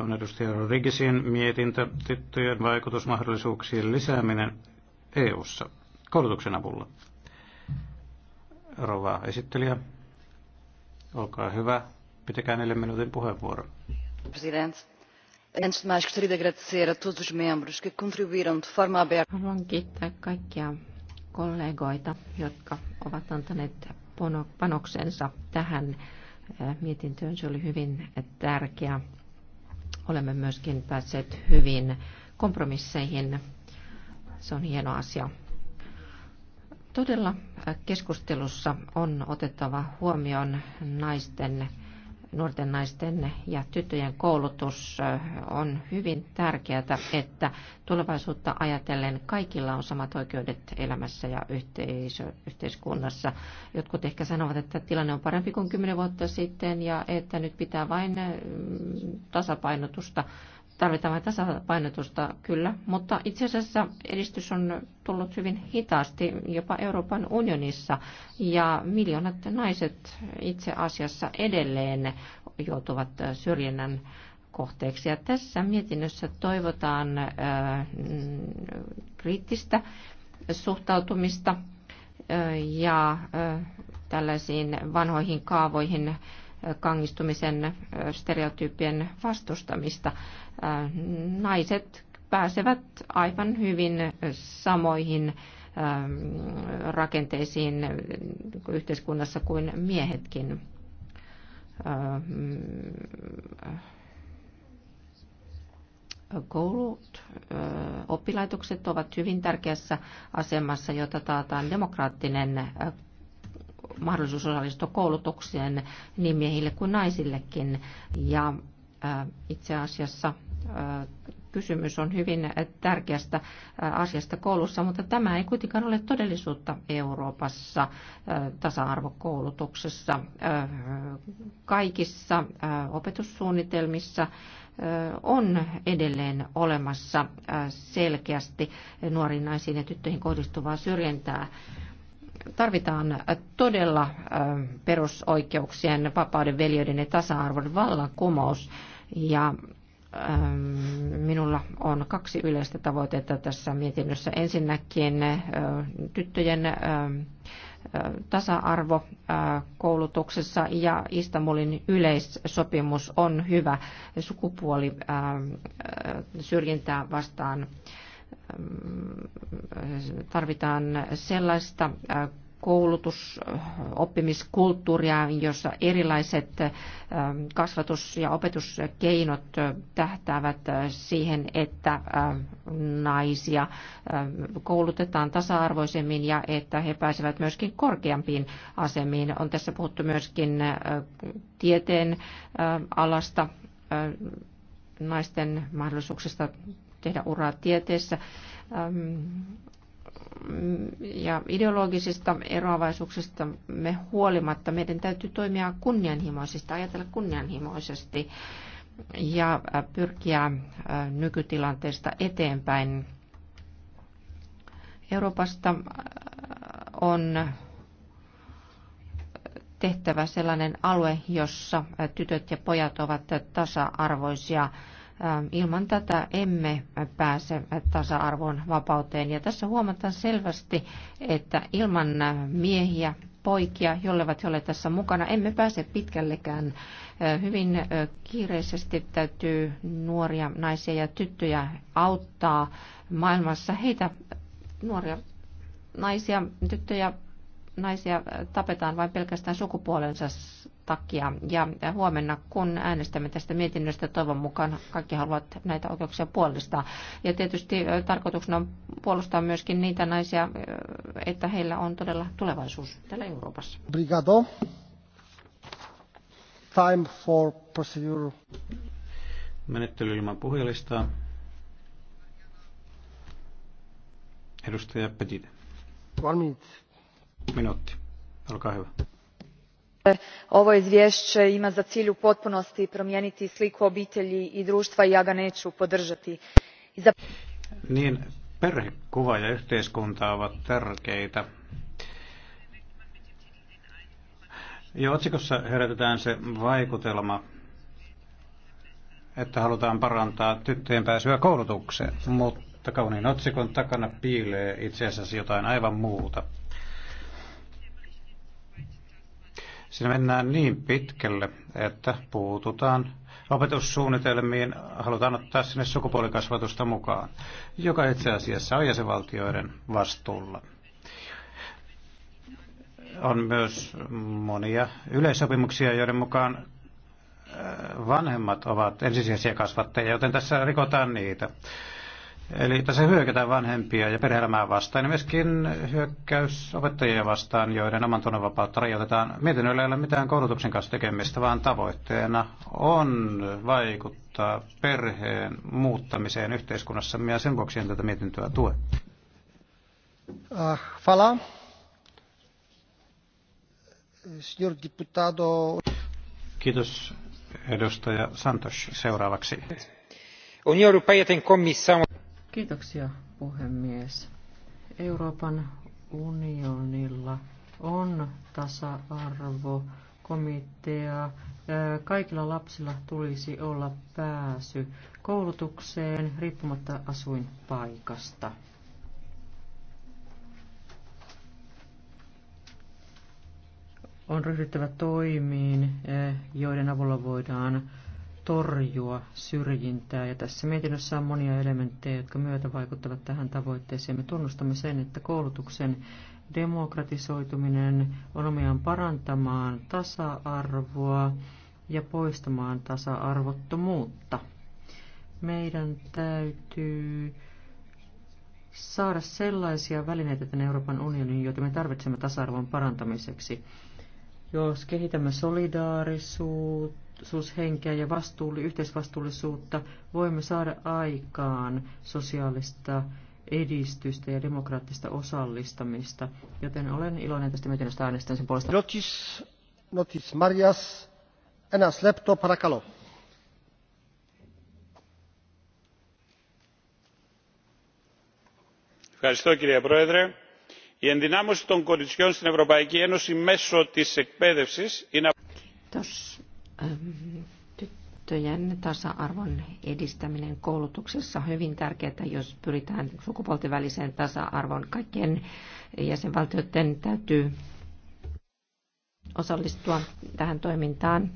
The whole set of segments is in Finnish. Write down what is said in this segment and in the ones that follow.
on edustaja Rodriguezin mietintö tyttöjen vaikutusmahdollisuuksien lisääminen EU-ssa koulutuksen avulla. Rova esittelijä, olkaa hyvä. Pitäkää neljän minuutin puheenvuoro. President. Antes de mais, gostaria de agradecer a todos os membros que contribuíram de forma aberta. Haluan kiittää kaikkia kollegoita, jotka ovat antaneet panoksensa tähän eh, mietintöön. Se oli hyvin tärkeä olemme myöskin päässeet hyvin kompromisseihin. Se on hieno asia. Todella äh, keskustelussa on otettava huomioon naisten nuorten naisten ja tyttöjen koulutus on hyvin tärkeää, että tulevaisuutta ajatellen kaikilla on samat oikeudet elämässä ja yhteisö, yhteiskunnassa. Jotkut ehkä sanovat, että tilanne on parempi kuin kymmenen vuotta sitten ja että nyt pitää vain mm, tasapainotusta tarvitaan vain tasapainotusta kyllä, mutta itse asiassa edistys on tullut hyvin hitaasti jopa Euroopan unionissa ja miljoonat naiset itse asiassa edelleen joutuvat syrjinnän kohteeksi. Ja tässä mietinnössä toivotaan ää, kriittistä suhtautumista ää, ja ää, tällaisiin vanhoihin kaavoihin kangistumisen stereotyyppien vastustamista. Naiset pääsevät aivan hyvin samoihin rakenteisiin yhteiskunnassa kuin miehetkin mm, koulut, oppilaitokset ovat hyvin tärkeässä asemassa, jota taataan demokraattinen mahdollisuus osallistua koulutukseen niin miehille kuin naisillekin. Ja äh, itse asiassa äh, kysymys on hyvin tärkeästä äh, asiasta koulussa, mutta tämä ei kuitenkaan ole todellisuutta Euroopassa tasa-arvokoulutuksessa. Kaikissa opetussuunnitelmissa on edelleen olemassa selkeästi nuoriin naisiin ja tyttöihin kohdistuvaa syrjintää tarvitaan todella ähm, perusoikeuksien, vapauden, veljöiden ja tasa-arvon vallankumous. Ja ähm, minulla on kaksi yleistä tavoitetta tässä mietinnössä. Ensinnäkin äh, tyttöjen ähm, äh, tasa-arvo äh, koulutuksessa ja Istanbulin yleissopimus on hyvä sukupuoli syrjintää vastaan tarvitaan sellaista koulutus, oppimiskulttuuria, jossa erilaiset kasvatus- ja opetuskeinot tähtäävät siihen, että naisia koulutetaan tasa-arvoisemmin ja että he pääsevät myöskin korkeampiin asemiin. On tässä puhuttu myöskin tieteen alasta naisten mahdollisuuksista tehdä uraa tieteessä. Ähm, ja ideologisista eroavaisuuksista me huolimatta meidän täytyy toimia kunnianhimoisesti, ajatella kunnianhimoisesti ja äh, pyrkiä äh, nykytilanteesta eteenpäin. Euroopasta äh, on tehtävä sellainen alue, jossa tytöt ja pojat ovat tasa-arvoisia Ähm, ilman tätä emme pääse tasa-arvon vapauteen. Ja tässä huomataan selvästi, että ilman äh, miehiä poikia, jollevat ole tässä mukana. Emme pääse pitkällekään. Äh, hyvin äh, kiireisesti täytyy nuoria naisia ja tyttöjä auttaa maailmassa. Heitä nuoria naisia, tyttöjä, naisia tapetaan vain pelkästään sukupuolensa takia. Ja huomenna, kun äänestämme tästä mietinnöstä, toivon mukaan kaikki haluavat näitä oikeuksia puolustaa. Ja tietysti tarkoituksena on puolustaa myöskin niitä naisia, että heillä on todella tulevaisuus täällä Euroopassa. Brigado. Time for procedure. Menettely ilman puhujalistaa. Edustaja Petit. One minute. Minuutti. Olkaa hyvä ovo izvješće ima za cilj u potpunosti promijeniti sliku obitelji i društva i ja ga neću podržati. niin perhekuva ja yhteiskunta ovat tärkeitä. Jo otsikossa herätetään se vaikutelma, että halutaan parantaa tyttöjen pääsyä koulutukseen, mutta kauniin otsikon takana piilee itse asiassa jotain aivan muuta. Siinä mennään niin pitkälle, että puututaan opetussuunnitelmiin, halutaan ottaa sinne sukupuolikasvatusta mukaan, joka itse asiassa on jäsenvaltioiden vastuulla. On myös monia yleissopimuksia, joiden mukaan äh, vanhemmat ovat ensisijaisia kasvattajia, joten tässä rikotaan niitä. Eli tässä hyökätään vanhempia ja perheelämää vastaan ja myöskin hyökkäys opettajia vastaan, joiden oman tunnonvapautta rajoitetaan. Mietinnöllä ei ole mitään koulutuksen kanssa tekemistä, vaan tavoitteena on vaikuttaa perheen muuttamiseen yhteiskunnassa ja sen vuoksi en tätä mietintöä tue. Uh, ah, fala. Signor diputado. Kiitos edustaja Santos. Seuraavaksi. Unione Europea ten Kiitoksia, puhemies. Euroopan unionilla on tasa-arvo komitea. Kaikilla lapsilla tulisi olla pääsy koulutukseen riippumatta asuinpaikasta. On ryhdyttävä toimiin, joiden avulla voidaan torjua syrjintää. Ja tässä mietinnössä on monia elementtejä, jotka myötä vaikuttavat tähän tavoitteeseen. Me tunnustamme sen, että koulutuksen demokratisoituminen on omiaan parantamaan tasa-arvoa ja poistamaan tasa-arvottomuutta. Meidän täytyy saada sellaisia välineitä tänne Euroopan unioniin, joita me tarvitsemme tasa-arvon parantamiseksi. Jos kehitämme solidaarisuushenkeä ja vastuulli, yhteisvastuullisuutta, voimme saada aikaan sosiaalista edistystä ja demokraattista osallistamista, joten olen iloinen tästä mietinnöstä äänestän sen puolesta. Notis, notis Marias, enas lepto parakalo. Ευχαριστώ κύριε Πρόεδρε η ενδυνάμωση των κοριτσιών στην ευρωπαϊκή ένωση μέσω της εκπαίδευσης είναι ähm, tyttöjen tasa-arvon edistäminen koulutuksessa on hyvin tärkeää, jos pyritään sukupuolten väliseen tasa-arvoon. Kaikkien jäsenvaltioiden täytyy osallistua tähän toimintaan.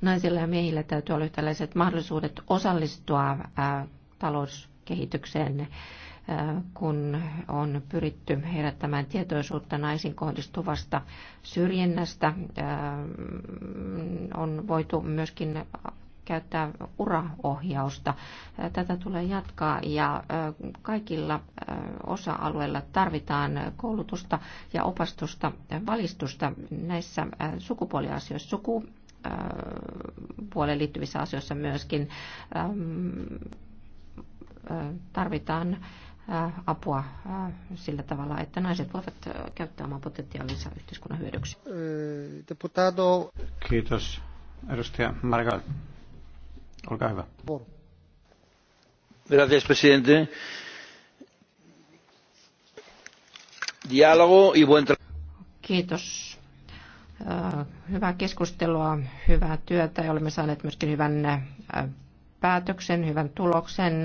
Naisilla ja miehillä täytyy olla yhtäläiset mahdollisuudet osallistua äh, talouskehitykseen. Äh, kun on pyritty herättämään tietoisuutta naisiin kohdistuvasta syrjinnästä. Äh, on voitu myöskin käyttää uraohjausta. Äh, tätä tulee jatkaa ja kaikilla osa-alueilla tarvitaan koulutusta ja opastusta, valistusta näissä sukupuoliasioissa. Suku puoleen liittyvissä asioissa myöskin ähm, tarvitaan apua sillä tavalla, että naiset voivat käyttää omaa potentiaalinsa yhteiskunnan hyödyksi. Deputado. Kiitos. Edustaja Margal, olkaa hyvä. Gracias, presidente. Diálogo y buen Kiitos. Hyvää keskustelua, hyvää työtä ja olemme saaneet myöskin hyvän päätöksen, hyvän tuloksen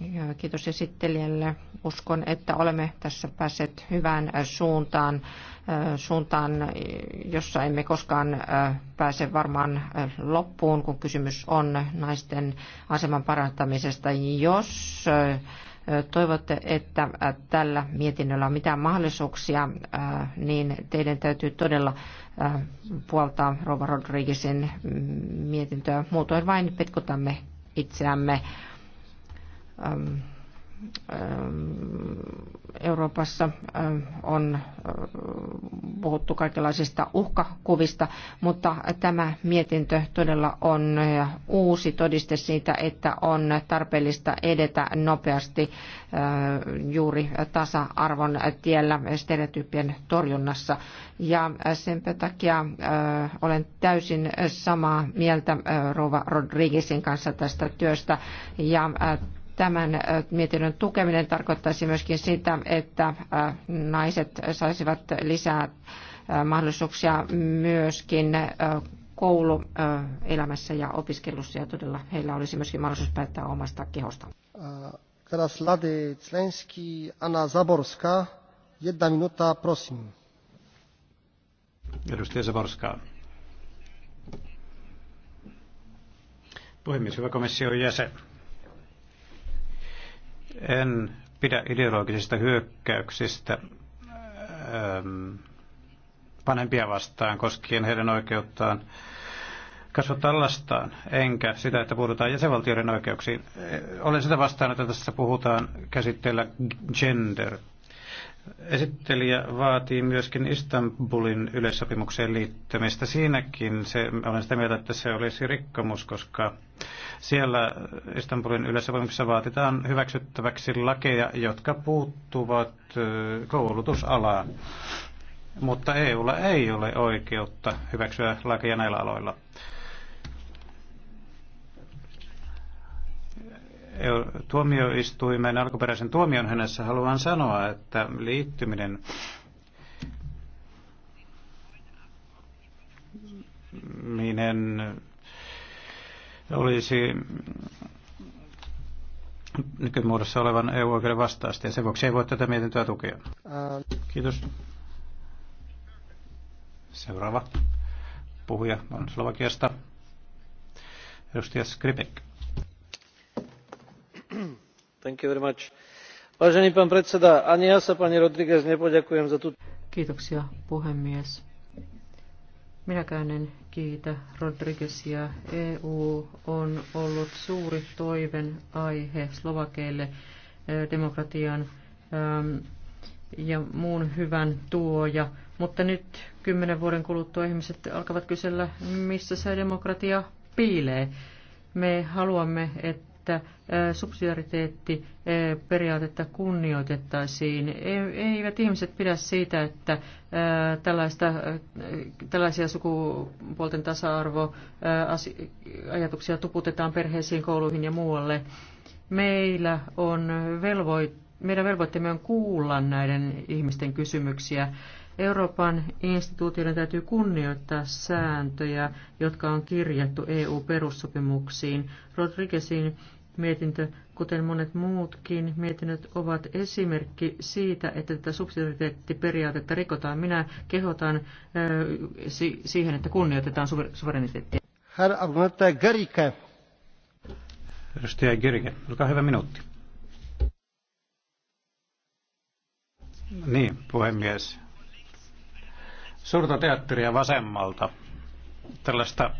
ja kiitos esittelijälle. Uskon, että olemme tässä päässeet hyvään äh, suuntaan, äh, suuntaan, jossa emme koskaan äh, pääse varmaan loppuun, kun kysymys on naisten aseman parantamisesta. Jos toivotte, että tällä mietinnöllä on mitään mahdollisuuksia, niin teidän täytyy todella puoltaa Rova Rodriguezin mm, mietintöä. Muutoin vain petkutamme itseämme. Ähm, ähm, Euroopassa ähm, on äh, puhuttu kaikenlaisista uhkakuvista, mutta tämä mietintö todella on äh, uusi todiste siitä, että on tarpeellista edetä nopeasti äh, juuri tasa-arvon tiellä stereotyyppien torjunnassa. Ja sen takia olen täysin samaa mieltä Rova Rodriguezin kanssa tästä työstä ja Tämän mietinnön tukeminen tarkoittaisi myöskin sitä, että naiset saisivat lisää mahdollisuuksia myöskin kouluelämässä ja opiskelussa ja todella heillä olisi myöskin mahdollisuus päättää omasta kehosta. Teraz Lady Anna Zaborska, jedna minuta, prosim. Edustaja Zaborska. Puhemies, hyvä komission jäsen. En pidä ideologisista hyökkäyksistä ähm, vanhempia vastaan koskien heidän oikeuttaan kasvattaa lastaan, enkä sitä, että puhutaan jäsenvaltioiden oikeuksiin. Olen sitä vastaan, että tässä puhutaan käsitteellä gender Esittelijä vaatii myöskin Istanbulin yleissopimukseen liittymistä. Siinäkin se, olen sitä mieltä, että se olisi rikkomus, koska siellä Istanbulin yleissopimuksessa vaatitaan hyväksyttäväksi lakeja, jotka puuttuvat koulutusalaan. Mutta EUlla ei ole oikeutta hyväksyä lakeja näillä aloilla. tuomioistuimen alkuperäisen tuomion hänessä haluan sanoa, että liittyminen minen olisi nykymuodossa olevan EU-oikeuden vastaista, ja sen vuoksi ei voi tätä mietintöä tukea. Kiitos. Seuraava puhuja on Slovakiasta, edustaja Skripek vážený pán predseda ani ja sa pani rodrigues nepoďakujem za túto. kiitoksia puhemies minäkään en kiitä rodriguezia eu on ollut suuri toiven aihe slovakeille e, demokratian ähm, ja muun hyvän tuoja mutta nyt kymmenen vuoden kuluttua ihmiset alkavat kysellä missä se demokratia piilee me haluamme, että että subsidiariteettiperiaatetta kunnioitettaisiin. E, eivät ihmiset pidä siitä, että tällaista, tällaisia sukupuolten tasa-arvoajatuksia tuputetaan perheisiin, kouluihin ja muualle. Meillä on velvoit, meidän velvoitteemme on kuulla näiden ihmisten kysymyksiä. Euroopan instituutioiden täytyy kunnioittaa sääntöjä, jotka on kirjattu EU-perussopimuksiin. Rodriguezin mietintö, kuten monet muutkin mietinnöt, ovat esimerkki siitä, että tätä subsidiariteettiperiaatetta rikotaan. Minä kehotan siihen, että kunnioitetaan suvereniteettia. Herra Gerike. Edustaja Gerike, olkaa hyvä minuutti. Niin, puhemies. Suurta teatteria vasemmalta. Tällaista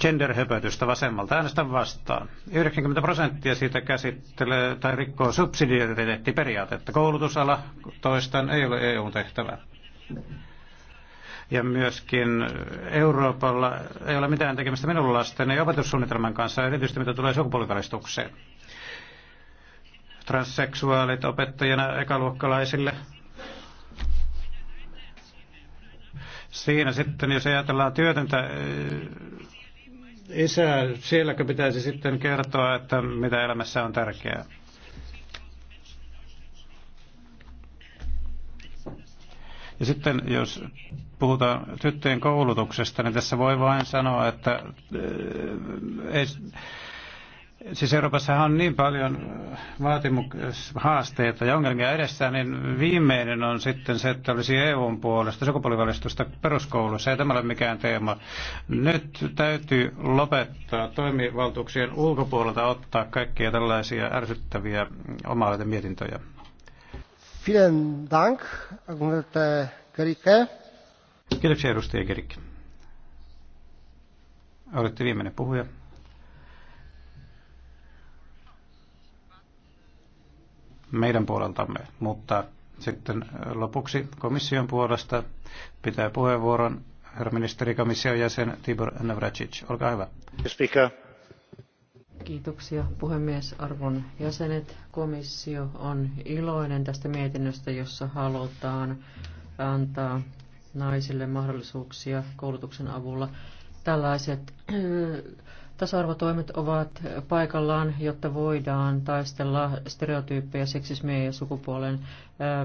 genderhöpötystä vasemmalta. Äänestän vastaan. 90 prosenttia siitä käsittelee tai rikkoo subsidiariteettiperiaatetta. Koulutusala toistan ei ole EU-tehtävä. Ja myöskin Euroopalla ei ole mitään tekemistä minun lasten ja opetussuunnitelman kanssa, erityisesti mitä tulee sukupuolivalistukseen. Transseksuaalit opettajana ekaluokkalaisille Siinä sitten, jos ajatellaan työtöntä eh, isää, sielläkö pitäisi sitten kertoa, että mitä elämässä on tärkeää? Ja sitten jos puhutaan tyttöjen koulutuksesta, niin tässä voi vain sanoa, että eh, ei, Siis Euroopassa on niin paljon äh, vaatimus, haasteita ja ongelmia edessä, niin viimeinen on sitten se, että olisi EUn puolesta sukupolvivalistusta peruskoulussa. Ei tämä ole mikään teema. Nyt täytyy lopettaa toimivaltuuksien ulkopuolelta ottaa kaikkia tällaisia ärsyttäviä oma mietintöjä. Vielen dank, Kiitoksia edustaja Gerikki. Olette viimeinen puhuja. meidän puoleltamme, mutta sitten lopuksi komission puolesta pitää puheenvuoron herra ministeri komission jäsen Tibor Navracic. Olkaa hyvä. Kiitoksia puhemies, arvon jäsenet. Komissio on iloinen tästä mietinnöstä, jossa halutaan antaa naisille mahdollisuuksia koulutuksen avulla. Tällaiset Tasa-arvotoimet ovat paikallaan, jotta voidaan taistella stereotyyppejä, seksismiä ja sukupuolen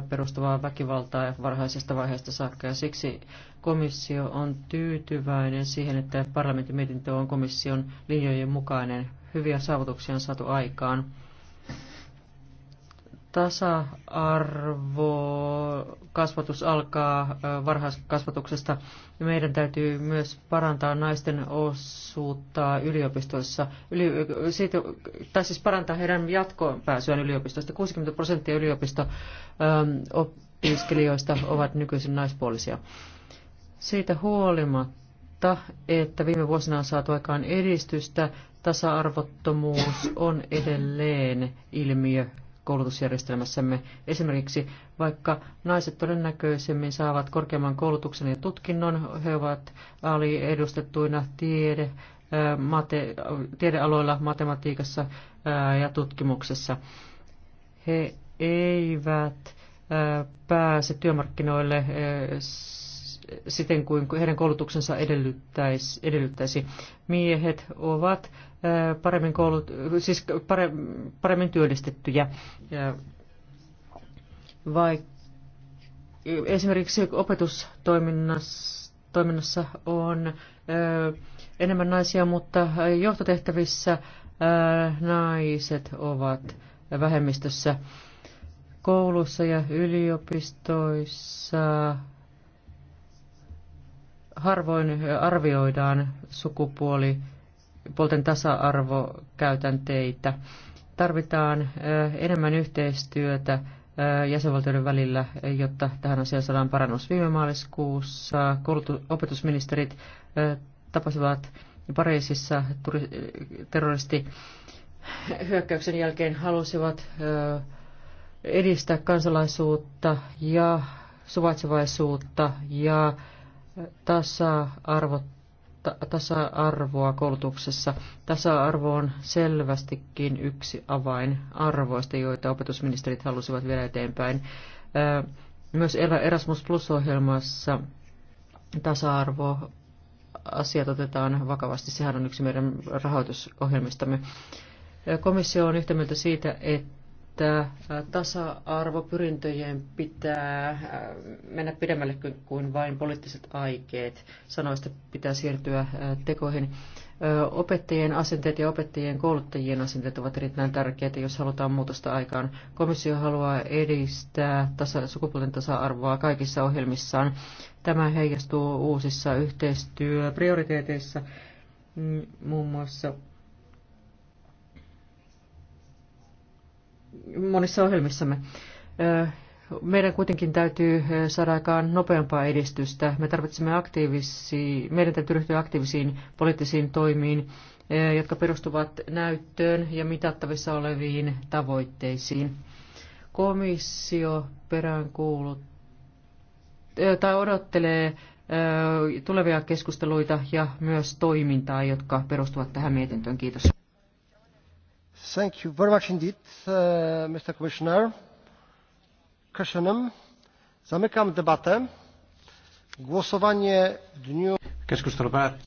perustuvaa väkivaltaa varhaisesta vaiheesta saakka. Ja siksi komissio on tyytyväinen siihen, että parlamentin mietintö on komission linjojen mukainen. Hyviä saavutuksia on saatu aikaan tasa-arvo kasvatus alkaa varhaiskasvatuksesta. Meidän täytyy myös parantaa naisten osuutta yliopistoissa, Yli, siitä, tai siis parantaa heidän jatkoon pääsyään yliopistoista. 60 prosenttia yliopisto-opiskelijoista ovat nykyisin naispuolisia. Siitä huolimatta, että viime vuosina on saatu aikaan edistystä, tasa-arvottomuus on edelleen ilmiö koulutusjärjestelmässämme. Esimerkiksi vaikka naiset todennäköisemmin saavat korkeamman koulutuksen ja tutkinnon, he ovat aliedustettuina tiede, mate, tiedealoilla, matematiikassa ja tutkimuksessa. He eivät pääse työmarkkinoille siten kuin heidän koulutuksensa edellyttäisi. Miehet ovat paremmin, koulut, siis paremmin työllistettyjä. Vai, esimerkiksi opetustoiminnassa on enemmän naisia, mutta johtotehtävissä naiset ovat vähemmistössä koulussa ja yliopistoissa harvoin arvioidaan sukupuoli sukupuolten tasa-arvokäytänteitä. Tarvitaan enemmän yhteistyötä jäsenvaltioiden välillä, jotta tähän asiaan saadaan parannus. Viime maaliskuussa opetusministerit tapasivat Pariisissa terroristi hyökkäyksen jälkeen halusivat edistää kansalaisuutta ja suvaitsevaisuutta ja tasa-arvot tasa-arvoa koulutuksessa. Tasa-arvo on selvästikin yksi avain arvoista, joita opetusministerit halusivat viedä eteenpäin. Myös Erasmus Plus-ohjelmassa tasa-arvo asiat otetaan vakavasti. Sehän on yksi meidän rahoitusohjelmistamme. Komissio on yhtä mieltä siitä, että että tasa-arvopyrintöjen pitää mennä pidemmälle kuin vain poliittiset aikeet. Sanoista pitää siirtyä tekoihin. Opettajien asenteet ja opettajien kouluttajien asenteet ovat erittäin tärkeitä, jos halutaan muutosta aikaan. Komissio haluaa edistää tasa, sukupuolten tasa-arvoa kaikissa ohjelmissaan. Tämä heijastuu uusissa yhteistyöprioriteeteissa, mm, muun muassa monissa ohjelmissamme. Meidän kuitenkin täytyy saada aikaan nopeampaa edistystä. Me tarvitsemme aktiivisia, meidän täytyy ryhtyä aktiivisiin poliittisiin toimiin, jotka perustuvat näyttöön ja mitattavissa oleviin tavoitteisiin. Komissio peräänkuuluttaa tai odottelee tulevia keskusteluita ja myös toimintaa, jotka perustuvat tähän mietintöön. Kiitos. Thank you very much indeed, uh, Mr. Commissioner. Köszönöm. Zamykam debatę. Głosowanie w dniu... Keskustelu